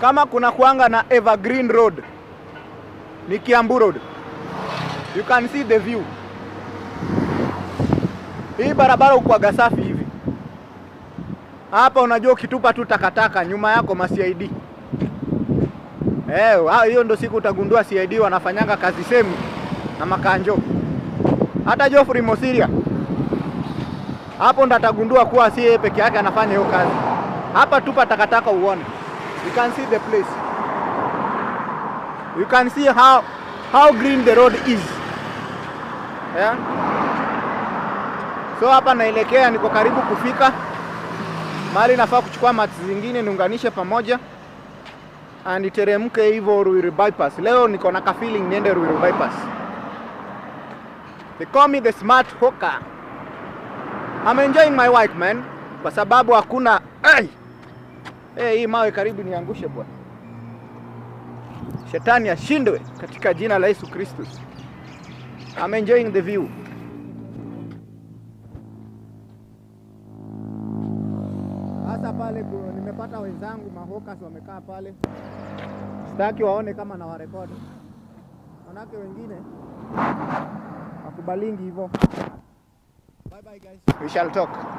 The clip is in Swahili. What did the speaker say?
kama kuna kuanga na Evergreen Road ni Kiambu Road, you can see the view. Hii barabara ukwaga safi hivi hapa, unajua ukitupa tu takataka nyuma yako ma CID. Eh, ah, hiyo ndo siku utagundua CID wanafanyanga kazi semu na makanjo. Hata Geoffrey Mosiria hapo ndo atagundua kuwa si yeye peke yake anafanya hiyo kazi. Hapa tupa takataka uone. You can see the place. You can see how how green the road is. Yeah? So hapa naelekea, niko karibu kufika mahali nafaa kuchukua mati zingine niunganishe pamoja and iteremke hivyo Ruiru bypass. Leo niko na kafiling niende Ruiru bypass. They call me the smart hooker. I'm enjoying my work man, kwa sababu hakuna hey! Eh, hii mawe karibu niangushe Bwana. Shetani ashindwe katika jina la Yesu Kristo. I'm enjoying the view. Sasa pale nimepata wenzangu mahokas wamekaa pale, sitaki waone kama na warekodi, manake wengine wakubalingi hivyo. Bye bye guys. We shall talk.